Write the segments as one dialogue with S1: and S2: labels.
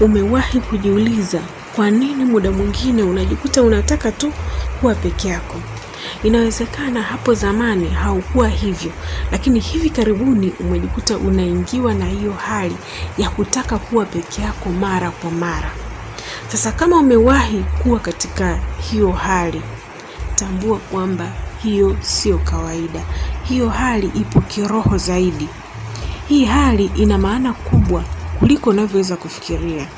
S1: Umewahi kujiuliza kwa nini muda mwingine unajikuta unataka tu kuwa peke yako? Inawezekana hapo zamani haukuwa hivyo, lakini hivi karibuni umejikuta unaingiwa na hiyo hali ya kutaka kuwa peke yako mara kwa mara. Sasa kama umewahi kuwa katika hiyo hali, tambua kwamba hiyo sio kawaida. Hiyo hali ipo kiroho zaidi. Hii hali ina maana kubwa kuliko unavyoweza kufikiria.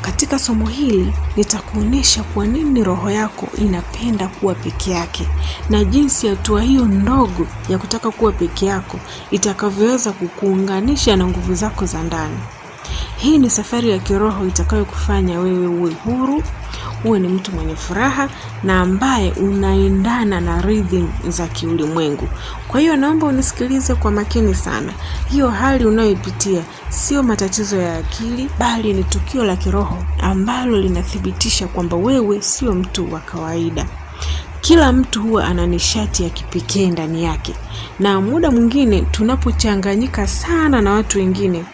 S1: Katika somo hili nitakuonyesha kwa nini roho yako inapenda kuwa peke yake na jinsi hatua hiyo ndogo ya kutaka kuwa peke yako itakavyoweza kukuunganisha na nguvu zako za ndani. Hii ni safari ya kiroho itakayokufanya wewe uwe huru, uwe ni mtu mwenye furaha na ambaye unaendana na rhythm za kiulimwengu. Kwa hiyo naomba unisikilize kwa makini sana. Hiyo hali unayoipitia sio matatizo ya akili, bali ni tukio la kiroho ambalo linathibitisha kwamba wewe sio mtu wa kawaida. Kila mtu huwa ana nishati ya kipekee ndani yake, na muda mwingine tunapochanganyika sana na watu wengine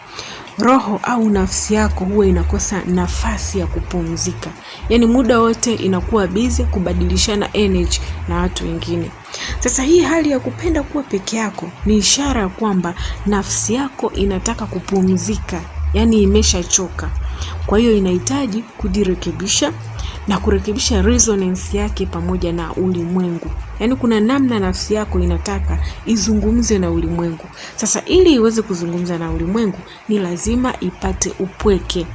S1: roho au nafsi yako huwa inakosa nafasi ya kupumzika, yaani muda wote inakuwa bizi kubadilishana energy na watu wengine. Sasa hii hali ya kupenda kuwa peke yako ni ishara ya kwamba nafsi yako inataka kupumzika, yaani imeshachoka. Kwa hiyo inahitaji kujirekebisha na kurekebisha resonance yake pamoja na ulimwengu. Yaani kuna namna nafsi yako inataka izungumze na ulimwengu. Sasa ili iweze kuzungumza na ulimwengu, ni lazima ipate upweke,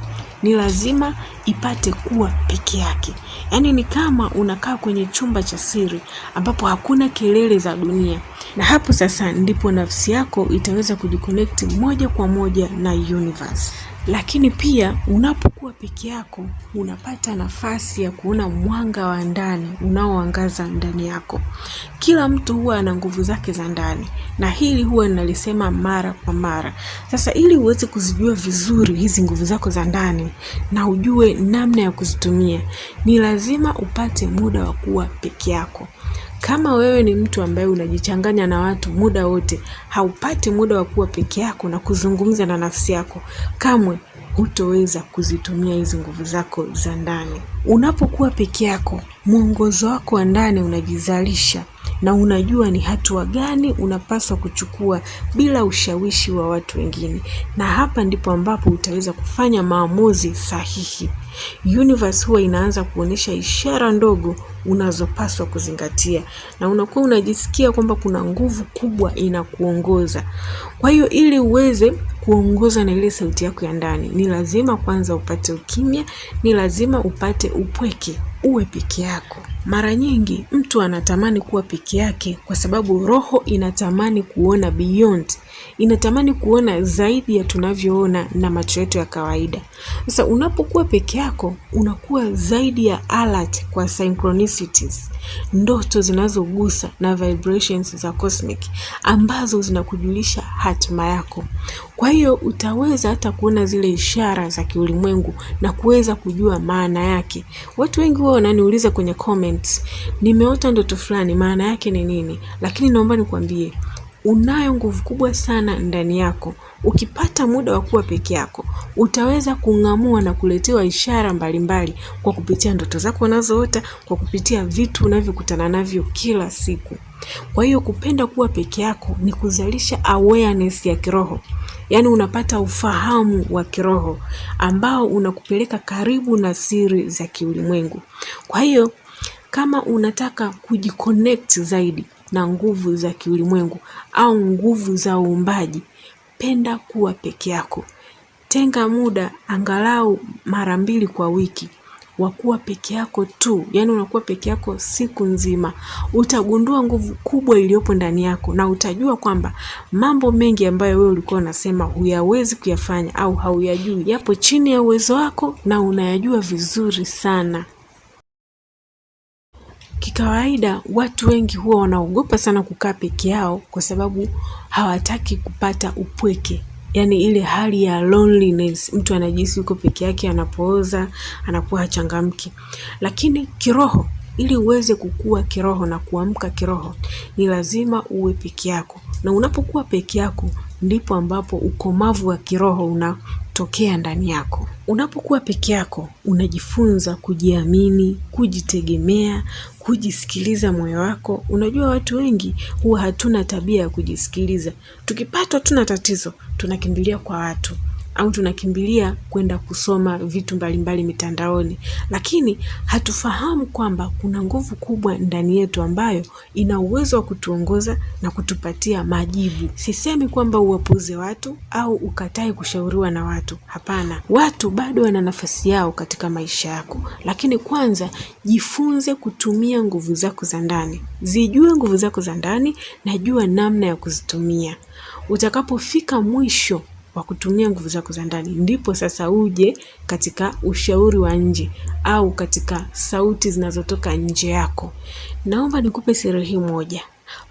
S1: ni lazima ipate kuwa peke yake. Yaani ni kama unakaa kwenye chumba cha siri ambapo hakuna kelele za dunia, na hapo sasa ndipo nafsi yako itaweza kujikonekti moja kwa moja na universe. Lakini pia unapokuwa peke yako unapata nafasi ya kuona mwanga wa ndani unaoangaza ndani yako. Kila mtu huwa ana nguvu zake za ndani, na hili huwa nalisema mara kwa mara. Sasa ili uweze kuzijua vizuri hizi nguvu zako za ndani na ujue namna ya kuzitumia, ni lazima upate muda wa kuwa peke yako. Kama wewe ni mtu ambaye unajichanganya na watu muda wote, haupati muda wa kuwa peke yako na kuzungumza na nafsi yako, kamwe hutoweza kuzitumia hizi nguvu zako za ndani. Unapokuwa peke yako, mwongozo wako wa ndani unajizalisha na unajua ni hatua gani unapaswa kuchukua bila ushawishi wa watu wengine, na hapa ndipo ambapo utaweza kufanya maamuzi sahihi. Universe huwa inaanza kuonyesha ishara ndogo unazopaswa kuzingatia na unakuwa unajisikia kwamba kuna nguvu kubwa inakuongoza. Kwa hiyo ili uweze kuongoza na ile sauti yako ya ndani, ni lazima kwanza upate ukimya, ni lazima upate upweke, uwe peke yako. Mara nyingi mtu anatamani kuwa peke yake kwa sababu roho inatamani kuona beyond, inatamani kuona zaidi ya tunavyoona na macho yetu ya kawaida. Sasa unapokuwa peke yako unakuwa zaidi ya alert kwa synchronicities, ndoto zinazogusa na vibrations za cosmic ambazo zinakujulisha hatima yako. Kwa hiyo utaweza hata kuona zile ishara za kiulimwengu na kuweza kujua maana yake. Watu wengi huwa wananiuliza kwenye comment comments, nimeota ndoto fulani, maana yake ni nini? Lakini naomba nikwambie, unayo nguvu kubwa sana ndani yako. Ukipata muda wa kuwa peke yako, utaweza kung'amua na kuletewa ishara mbalimbali mbali, kwa kupitia ndoto zako unazoota, kwa kupitia vitu unavyokutana navyo kila siku. Kwa hiyo kupenda kuwa peke yako ni kuzalisha awareness ya kiroho, yaani unapata ufahamu wa kiroho ambao unakupeleka karibu na siri za kiulimwengu. Kwa hiyo kama unataka kujiconnect zaidi na nguvu za kiulimwengu au nguvu za uumbaji, penda kuwa peke yako. Tenga muda angalau mara mbili kwa wiki wa kuwa peke yako tu, yaani unakuwa peke yako siku nzima. Utagundua nguvu kubwa iliyopo ndani yako na utajua kwamba mambo mengi ambayo wewe ulikuwa unasema huyawezi kuyafanya au hauyajui yapo chini ya uwezo wako na unayajua vizuri sana. Kikawaida watu wengi huwa wanaogopa sana kukaa peke yao kwa sababu hawataki kupata upweke, yaani ile hali ya loneliness, mtu anajisi yuko peke yake, anapooza anakuwa hachangamki. Lakini kiroho, ili uweze kukua kiroho na kuamka kiroho, ni lazima uwe peke yako, na unapokuwa peke yako ndipo ambapo ukomavu wa kiroho una tokea ndani yako. Unapokuwa peke yako, unajifunza kujiamini, kujitegemea, kujisikiliza moyo wako. Unajua, watu wengi huwa hatuna tabia ya kujisikiliza. Tukipatwa tuna tatizo tunakimbilia kwa watu au tunakimbilia kwenda kusoma vitu mbalimbali mitandaoni, lakini hatufahamu kwamba kuna nguvu kubwa ndani yetu ambayo ina uwezo wa kutuongoza na kutupatia majibu. Sisemi kwamba uwapuuze watu au ukatae kushauriwa na watu, hapana. Watu bado wana nafasi yao katika maisha yako, lakini kwanza jifunze kutumia nguvu zako za ndani. Zijue nguvu zako za ndani na jua namna ya kuzitumia. Utakapofika mwisho wa kutumia nguvu zako za ndani, ndipo sasa uje katika ushauri wa nje au katika sauti zinazotoka nje yako. Naomba nikupe siri hii moja.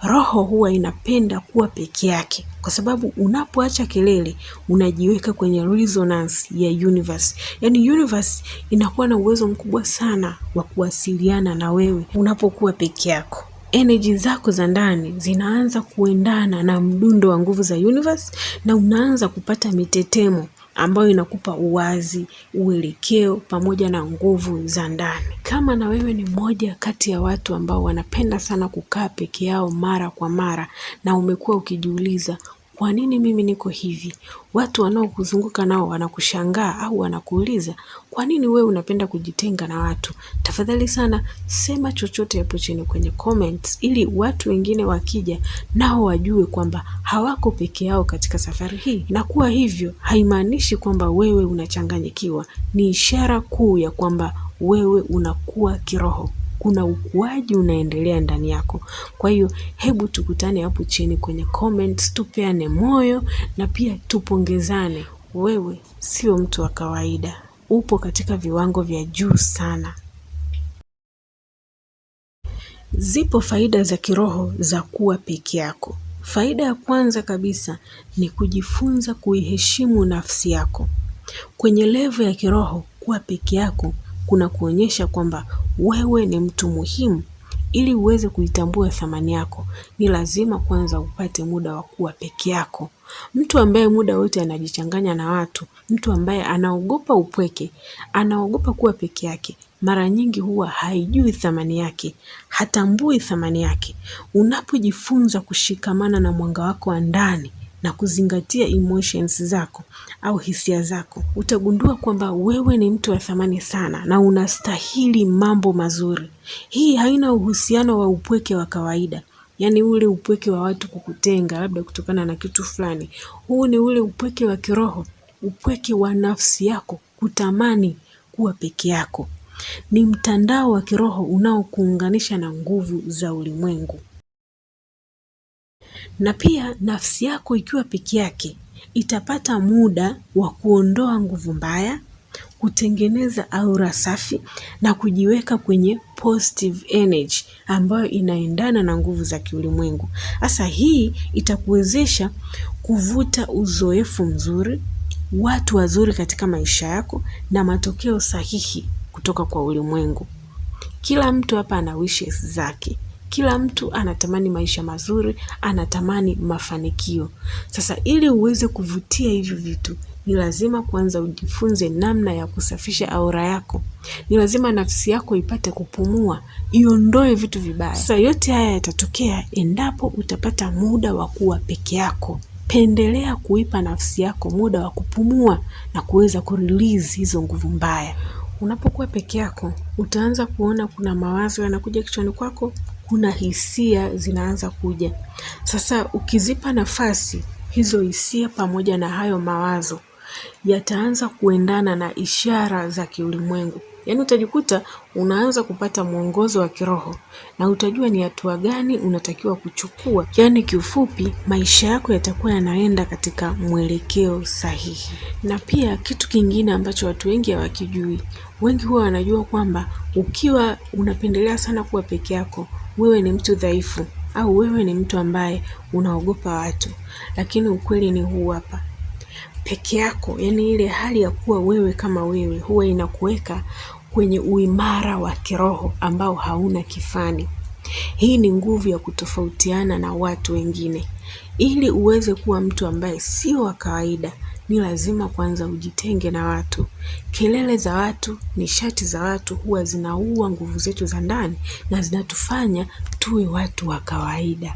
S1: Roho huwa inapenda kuwa peke yake, kwa sababu unapoacha kelele unajiweka kwenye resonance ya universe. Yaani universe inakuwa na uwezo mkubwa sana wa kuwasiliana na wewe unapokuwa peke yako energy zako za ndani zinaanza kuendana na mdundo wa nguvu za universe na unaanza kupata mitetemo ambayo inakupa uwazi, uelekeo pamoja na nguvu za ndani. Kama na wewe ni mmoja kati ya watu ambao wanapenda sana kukaa peke yao mara kwa mara na umekuwa ukijiuliza kwa nini mimi niko hivi? Watu wanaokuzunguka nao wanakushangaa au wanakuuliza kwa nini wewe unapenda kujitenga na watu. Tafadhali sana sema chochote hapo chini kwenye comments, ili watu wengine wakija nao wajue kwamba hawako peke yao katika safari hii, na kuwa hivyo haimaanishi kwamba wewe unachanganyikiwa, ni ishara kuu ya kwamba wewe unakuwa kiroho kuna ukuaji unaendelea ndani yako. Kwa hiyo hebu tukutane hapo chini kwenye comments, tupeane moyo na pia tupongezane. Wewe sio mtu wa kawaida, upo katika viwango vya juu sana. Zipo faida za kiroho za kuwa peke yako. Faida ya kwanza kabisa ni kujifunza kuiheshimu nafsi yako. Kwenye levo ya kiroho, kuwa peke yako kuna kuonyesha kwamba wewe ni mtu muhimu. Ili uweze kuitambua thamani yako, ni lazima kwanza upate muda wa kuwa peke yako. Mtu ambaye muda wote anajichanganya na watu, mtu ambaye anaogopa upweke, anaogopa kuwa peke yake, mara nyingi huwa haijui thamani yake, hatambui thamani yake. Unapojifunza kushikamana na mwanga wako wa ndani, na kuzingatia emotions zako au hisia zako, utagundua kwamba wewe ni mtu wa thamani sana na unastahili mambo mazuri. Hii haina uhusiano wa upweke wa kawaida, yaani ule upweke wa watu kukutenga labda kutokana na kitu fulani. Huu ni ule upweke wa kiroho, upweke wa nafsi yako kutamani kuwa peke yako. Ni mtandao wa kiroho unaokuunganisha na nguvu za ulimwengu na pia nafsi yako ikiwa peke yake itapata muda wa kuondoa nguvu mbaya, kutengeneza aura safi na kujiweka kwenye positive energy ambayo inaendana na nguvu za kiulimwengu. Sasa hii itakuwezesha kuvuta uzoefu mzuri, watu wazuri katika maisha yako na matokeo sahihi kutoka kwa ulimwengu. Kila mtu hapa ana wishes zake. Kila mtu anatamani maisha mazuri, anatamani mafanikio. Sasa ili uweze kuvutia hivyo vitu, ni lazima kwanza ujifunze namna ya kusafisha aura yako. Ni lazima nafsi yako ipate kupumua, iondoe vitu vibaya. Sasa yote haya yatatokea endapo utapata muda wa kuwa peke yako. Pendelea kuipa nafsi yako muda wa kupumua na kuweza kurelease hizo nguvu mbaya. Unapokuwa peke yako, utaanza kuona kuna mawazo yanakuja kichwani kwako, kuna hisia zinaanza kuja. Sasa ukizipa nafasi hizo hisia pamoja na hayo mawazo yataanza kuendana na ishara za kiulimwengu. Yaani utajikuta unaanza kupata mwongozo wa kiroho na utajua ni hatua gani unatakiwa kuchukua. Yaani kiufupi, maisha yako yatakuwa yanaenda katika mwelekeo sahihi. Na pia kitu kingine ambacho watu wengi hawakijui, wengi huwa wanajua kwamba ukiwa unapendelea sana kuwa peke yako wewe ni mtu dhaifu au wewe ni mtu ambaye unaogopa watu, lakini ukweli ni huu hapa. Peke yako, yani ile hali ya kuwa wewe kama wewe, huwa inakuweka kwenye uimara wa kiroho ambao hauna kifani. Hii ni nguvu ya kutofautiana na watu wengine, ili uweze kuwa mtu ambaye sio wa kawaida, ni lazima kwanza ujitenge na watu. Kelele za watu, nishati za watu huwa zinaua nguvu zetu za ndani na zinatufanya tuwe watu wa kawaida.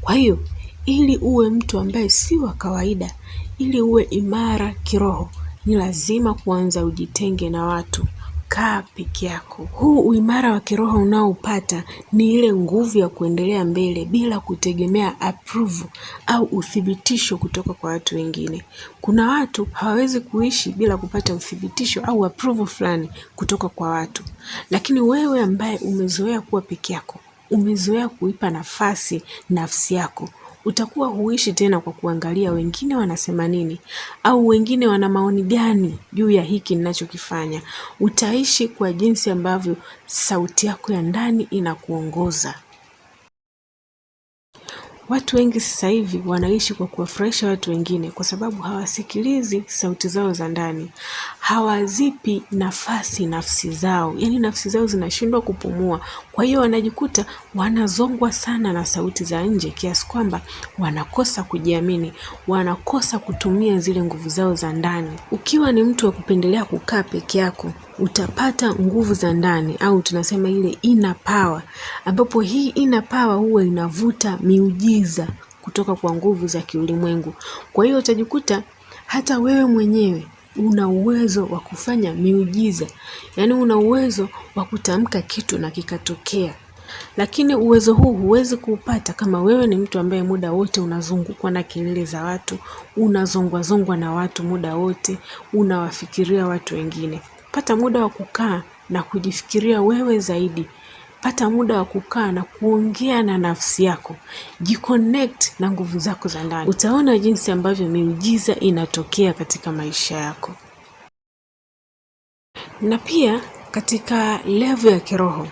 S1: Kwa hiyo ili uwe mtu ambaye si wa kawaida, ili uwe imara kiroho, ni lazima kwanza ujitenge na watu kaa peke yako. Huu uimara wa kiroho unaoupata ni ile nguvu ya kuendelea mbele bila kutegemea aprovu au uthibitisho kutoka kwa watu wengine. Kuna watu hawawezi kuishi bila kupata uthibitisho au aprovu fulani kutoka kwa watu, lakini wewe ambaye umezoea kuwa peke yako, umezoea kuipa nafasi nafsi yako utakuwa huishi tena kwa kuangalia wengine wanasema nini au wengine wana maoni gani juu ya hiki ninachokifanya. Utaishi kwa jinsi ambavyo sauti yako ya ndani inakuongoza. Watu wengi sasa hivi wanaishi kwa kuwafurahisha watu wengine, kwa sababu hawasikilizi sauti zao za ndani, hawazipi nafasi nafsi zao, yaani nafsi zao zinashindwa kupumua. Kwa hiyo wanajikuta wanazongwa sana na sauti za nje, kiasi kwamba wanakosa kujiamini, wanakosa kutumia zile nguvu zao za ndani. Ukiwa ni mtu wa kupendelea kukaa peke yako utapata nguvu za ndani au tunasema ile ina power, ambapo hii ina power huwa inavuta miujiza giza kutoka kwa nguvu za kiulimwengu. Kwa hiyo utajikuta hata wewe mwenyewe una uwezo wa kufanya miujiza, yaani una uwezo wa kutamka kitu na kikatokea. Lakini uwezo huu huwezi kuupata kama wewe ni mtu ambaye muda wote unazungukwa na kelele za watu, unazongwazongwa na watu muda wote, unawafikiria watu wengine. Pata muda wa kukaa na kujifikiria wewe zaidi, pata muda wa kukaa na kuongea na nafsi yako, jiconnect na nguvu zako za ndani. Utaona jinsi ambavyo miujiza inatokea katika maisha yako. Na pia katika levo ya kiroho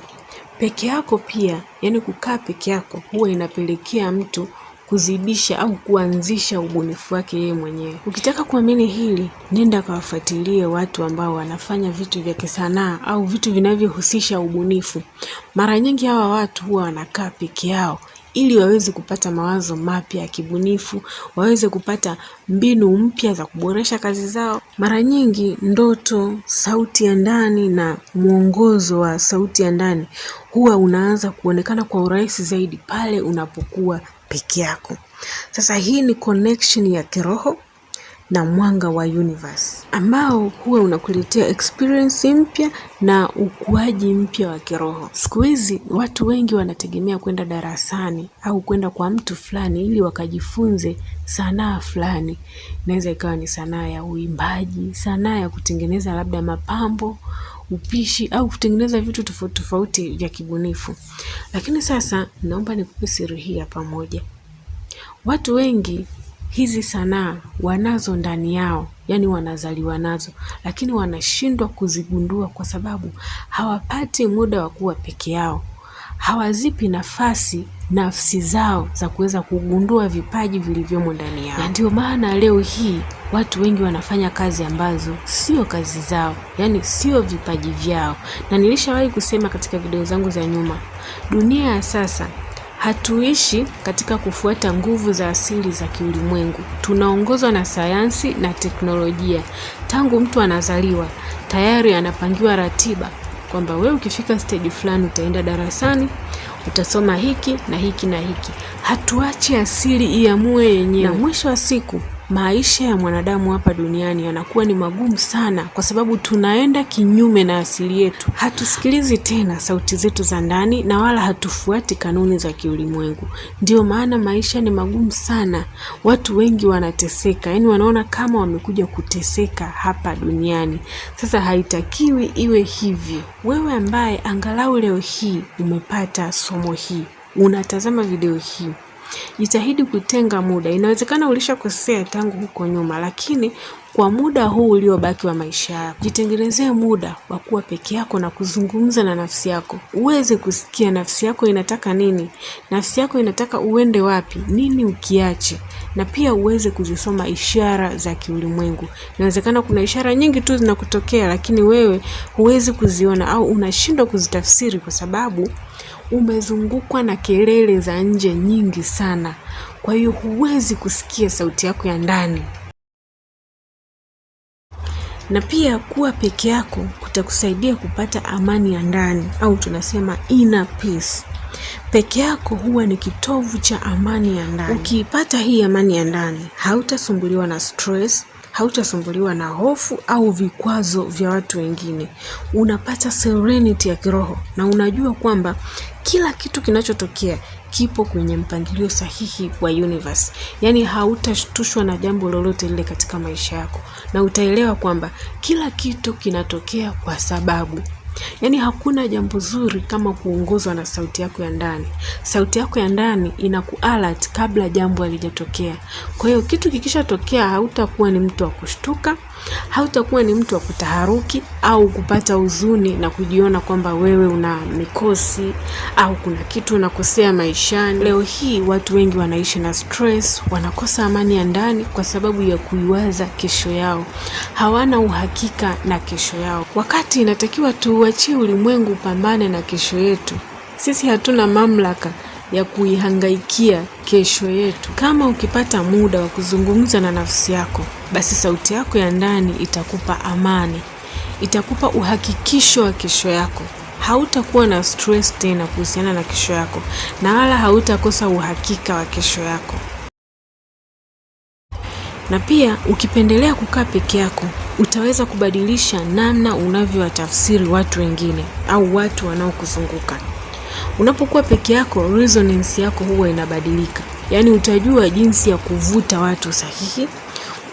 S1: peke yako pia, yani kukaa peke yako huwa inapelekea mtu kuzidisha au kuanzisha ubunifu wake yeye mwenyewe. Ukitaka kuamini hili, nenda kawafuatilie watu ambao wanafanya vitu vya kisanaa au vitu vinavyohusisha ubunifu. Mara nyingi hawa watu huwa wanakaa peke yao ili waweze kupata mawazo mapya ya kibunifu, waweze kupata mbinu mpya za kuboresha kazi zao. Mara nyingi ndoto, sauti ya ndani na mwongozo wa sauti ya ndani huwa unaanza kuonekana kwa urahisi zaidi pale unapokuwa peke yako. Sasa hii ni connection ya kiroho na mwanga wa universe ambao huwa unakuletea experience mpya na ukuaji mpya wa kiroho. Siku hizi watu wengi wanategemea kwenda darasani au kwenda kwa mtu fulani ili wakajifunze sanaa fulani. Inaweza ikawa ni sanaa ya uimbaji, sanaa ya kutengeneza labda mapambo upishi au kutengeneza vitu tofauti tofauti vya kibunifu. Lakini sasa naomba nikupe siri hii ya pamoja. Watu wengi hizi sanaa wanazo ndani yao, yani wanazaliwa nazo, lakini wanashindwa kuzigundua kwa sababu hawapati muda wa kuwa peke yao hawazipi nafasi nafsi zao za kuweza kugundua vipaji vilivyomo ndani yao, na ndio maana leo hii watu wengi wanafanya kazi ambazo sio kazi zao, yani sio vipaji vyao. Na nilishawahi kusema katika video zangu za nyuma, dunia ya sasa hatuishi katika kufuata nguvu za asili za kiulimwengu. Tunaongozwa na sayansi na teknolojia. Tangu mtu anazaliwa tayari anapangiwa ratiba kwamba wewe ukifika stage fulani utaenda darasani utasoma hiki na hiki na hiki. Hatuache asili iamue yenyewe, na mwisho wa siku maisha ya mwanadamu hapa duniani yanakuwa ni magumu sana, kwa sababu tunaenda kinyume na asili yetu. Hatusikilizi tena sauti zetu za ndani na wala hatufuati kanuni za kiulimwengu. Ndiyo maana maisha ni magumu sana, watu wengi wanateseka, yaani wanaona kama wamekuja kuteseka hapa duniani. Sasa haitakiwi iwe hivyo. Wewe ambaye angalau leo hii umepata somo hii, unatazama video hii Jitahidi kutenga muda. Inawezekana ulishakosea tangu huko nyuma, lakini kwa muda huu uliobaki wa maisha yako, jitengenezee muda wa kuwa peke yako na kuzungumza na nafsi yako, uweze kusikia nafsi yako inataka nini, nafsi yako inataka uende wapi, nini ukiache, na pia uweze kuzisoma ishara za kiulimwengu. Inawezekana kuna ishara nyingi tu zinakutokea, lakini wewe huwezi kuziona au unashindwa kuzitafsiri kwa sababu umezungukwa na kelele za nje nyingi sana, kwa hiyo huwezi kusikia sauti yako ya ndani. Na pia kuwa peke yako kutakusaidia kupata amani ya ndani au tunasema inner peace. Peke yako huwa ni kitovu cha amani ya ndani. Ukiipata hii amani ya ndani, hautasumbuliwa na stress, hautasumbuliwa na hofu au vikwazo vya watu wengine. Unapata serenity ya kiroho na unajua kwamba kila kitu kinachotokea kipo kwenye mpangilio sahihi wa universe. Yaani hautashtushwa na jambo lolote lile katika maisha yako, na utaelewa kwamba kila kitu kinatokea kwa sababu. Yaani hakuna jambo zuri kama kuongozwa na sauti yako ya ndani. Sauti yako ya ndani inakualert kabla jambo halijatokea. Kwa hiyo kitu kikishatokea, hautakuwa ni mtu wa kushtuka hautakuwa ni mtu wa kutaharuki au kupata huzuni na kujiona kwamba wewe una mikosi au kuna kitu unakosea maishani. Leo hii watu wengi wanaishi na stress, wanakosa amani ya ndani kwa sababu ya kuiwaza kesho yao, hawana uhakika na kesho yao, wakati inatakiwa tuuachie ulimwengu upambane na kesho yetu. Sisi hatuna mamlaka ya kuihangaikia kesho yetu. Kama ukipata muda wa kuzungumza na nafsi yako, basi sauti yako ya ndani itakupa amani, itakupa uhakikisho wa kesho yako. Hautakuwa na stress tena kuhusiana na kesho yako, na wala hautakosa uhakika wa kesho yako. Na pia ukipendelea kukaa peke yako, utaweza kubadilisha namna unavyowatafsiri watu wengine au watu wanaokuzunguka. Unapokuwa peke yako, resonance yako huwa inabadilika, yaani utajua jinsi ya kuvuta watu sahihi,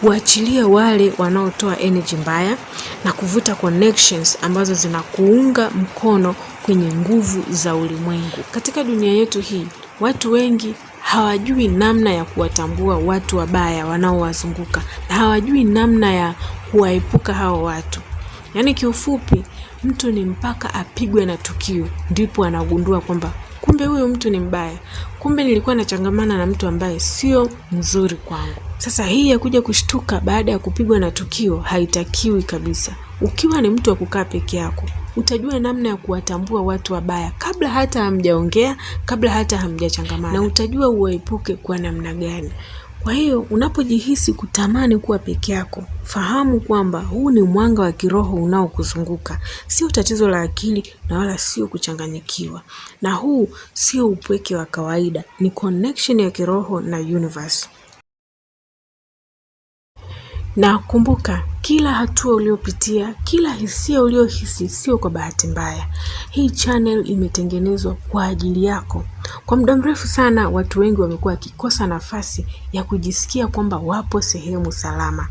S1: kuachilia wale wanaotoa energy mbaya na kuvuta connections ambazo zinakuunga mkono kwenye nguvu za ulimwengu. Katika dunia yetu hii, watu wengi hawajui namna ya kuwatambua watu wabaya wanaowazunguka na hawajui namna ya kuwaepuka hao watu. Yaani kiufupi mtu ni mpaka apigwe na tukio ndipo anagundua kwamba kumbe huyu mtu ni mbaya, kumbe nilikuwa nachangamana na mtu ambaye sio mzuri kwangu. Sasa hii ya kuja kushtuka baada ya kupigwa na tukio haitakiwi kabisa. Ukiwa ni mtu wa kukaa peke yako, utajua namna ya kuwatambua watu wabaya kabla hata hamjaongea, kabla hata hamjachangamana, na utajua uwaepuke kwa namna gani. Kwa hiyo unapojihisi kutamani kuwa peke yako, fahamu kwamba huu ni mwanga wa kiroho unaokuzunguka, sio tatizo la akili na wala sio kuchanganyikiwa. Na huu sio upweke wa kawaida, ni connection ya kiroho na universe. Na kumbuka, kila hatua uliopitia, kila hisia uliohisi, sio kwa bahati mbaya. Hii channel imetengenezwa kwa ajili yako. Kwa muda mrefu sana watu wengi wamekuwa wakikosa nafasi ya kujisikia kwamba wapo sehemu salama,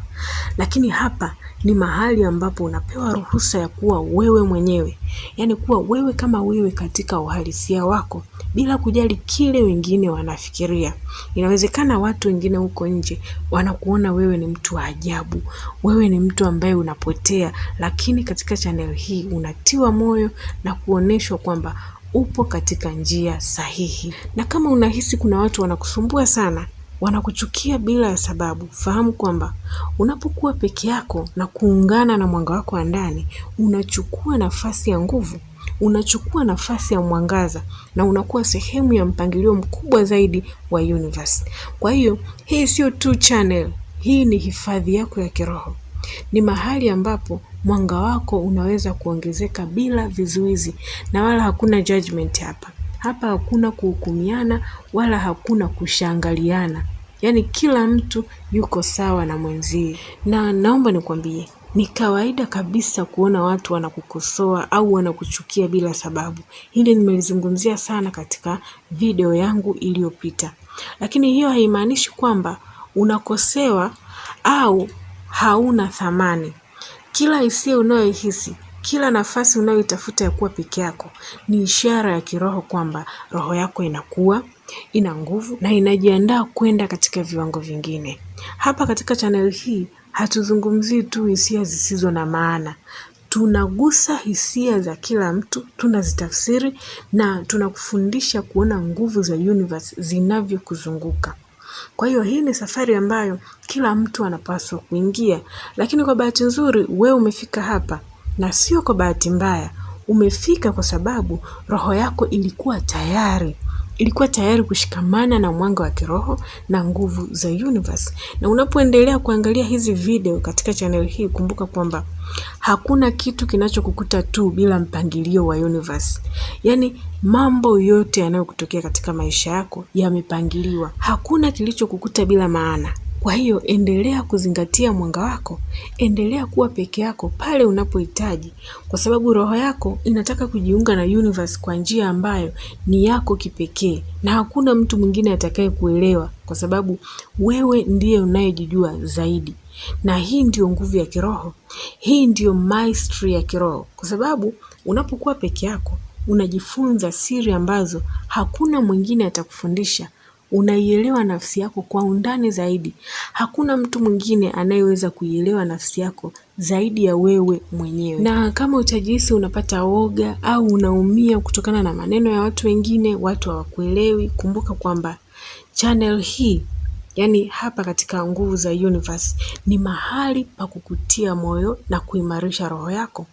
S1: lakini hapa ni mahali ambapo unapewa ruhusa ya kuwa wewe mwenyewe, yaani kuwa wewe kama wewe katika uhalisia wako bila kujali kile wengine wanafikiria. Inawezekana watu wengine huko nje wanakuona wewe ni mtu wa ajabu, wewe ni mtu ambaye unapotea, lakini katika chaneli hii unatiwa moyo na kuoneshwa kwamba upo katika njia sahihi, na kama unahisi kuna watu wanakusumbua sana, wanakuchukia bila ya sababu, fahamu kwamba unapokuwa peke yako na kuungana na mwanga wako wa ndani, unachukua nafasi ya nguvu, unachukua nafasi ya mwangaza na unakuwa sehemu ya mpangilio mkubwa zaidi wa universe. Kwa hiyo hii sio tu channel, hii ni hifadhi yako ya kiroho, ni mahali ambapo mwanga wako unaweza kuongezeka bila vizuizi na wala hakuna judgment hapa. Hapa hakuna kuhukumiana wala hakuna kushangaliana yaani kila mtu yuko sawa na mwenzie. Na naomba nikwambie, ni kawaida kabisa kuona watu wanakukosoa au wanakuchukia bila sababu. Hili nimelizungumzia sana katika video yangu iliyopita, lakini hiyo haimaanishi kwamba unakosewa au hauna thamani. Kila hisia unayoihisi, kila nafasi unayoitafuta ya kuwa peke yako ni ishara ya kiroho kwamba roho yako inakuwa, ina nguvu na inajiandaa kwenda katika viwango vingine. Hapa katika chaneli hii hatuzungumzii tu hisia zisizo na maana. Tunagusa hisia za kila mtu, tunazitafsiri na tunakufundisha kuona nguvu za universe zinavyokuzunguka. Kwa hiyo hii ni safari ambayo kila mtu anapaswa kuingia, lakini kwa bahati nzuri we umefika hapa na sio kwa bahati mbaya. Umefika kwa sababu roho yako ilikuwa tayari, ilikuwa tayari kushikamana na mwanga wa kiroho na nguvu za universe. Na unapoendelea kuangalia hizi video katika channel hii, kumbuka kwamba Hakuna kitu kinachokukuta tu bila mpangilio wa universe. Yaani mambo yote yanayokutokea katika maisha yako yamepangiliwa. Hakuna kilichokukuta bila maana. Kwa hiyo endelea kuzingatia mwanga wako, endelea kuwa peke yako pale unapohitaji, kwa sababu roho yako inataka kujiunga na universe kwa njia ambayo ni yako kipekee, na hakuna mtu mwingine atakaye kuelewa, kwa sababu wewe ndiye unayejijua zaidi na hii ndio nguvu ya kiroho, hii ndiyo maestri ya kiroho, kwa sababu unapokuwa peke yako unajifunza siri ambazo hakuna mwingine atakufundisha. Unaielewa nafsi yako kwa undani zaidi. Hakuna mtu mwingine anayeweza kuielewa nafsi yako zaidi ya wewe mwenyewe. Na kama utajihisi unapata woga au unaumia kutokana na maneno ya watu wengine, watu hawakuelewi, kumbuka kwamba chanel hii Yaani hapa katika nguvu za universe ni mahali pa kukutia moyo na kuimarisha roho yako.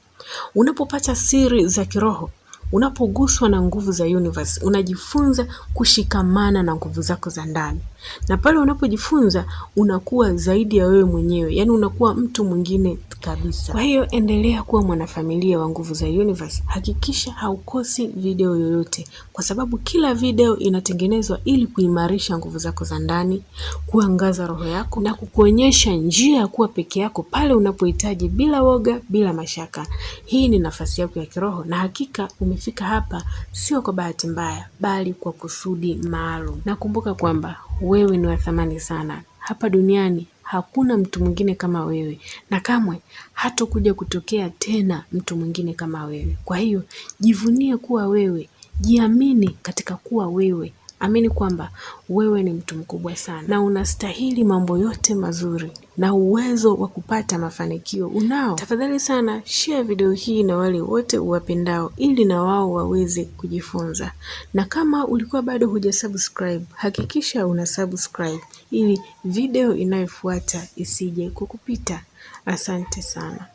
S1: Unapopata siri za kiroho, unapoguswa na nguvu za universe, unajifunza kushikamana na nguvu zako za ndani na pale unapojifunza unakuwa zaidi ya wewe mwenyewe, yaani unakuwa mtu mwingine kabisa. Kwa hiyo endelea kuwa mwanafamilia wa Nguvu za Universe, hakikisha haukosi video yoyote, kwa sababu kila video inatengenezwa ili kuimarisha nguvu zako za ndani, kuangaza roho yako na kukuonyesha njia ya kuwa peke yako pale unapohitaji, bila woga, bila mashaka. Hii ni nafasi yako ya kiroho, na hakika umefika hapa sio kwa bahati mbaya, bali kwa kusudi maalum. Nakumbuka kwamba wewe ni wa thamani sana hapa duniani. Hakuna mtu mwingine kama wewe, na kamwe hatokuja kutokea tena mtu mwingine kama wewe. Kwa hiyo jivunie kuwa wewe, jiamini katika kuwa wewe, Amini kwamba wewe ni mtu mkubwa sana na unastahili mambo yote mazuri na uwezo wa kupata mafanikio unao. Tafadhali sana share video hii na wale wote uwapendao, ili na wao waweze kujifunza. Na kama ulikuwa bado hujasubscribe, hakikisha una subscribe ili video inayofuata isije kukupita. Asante sana.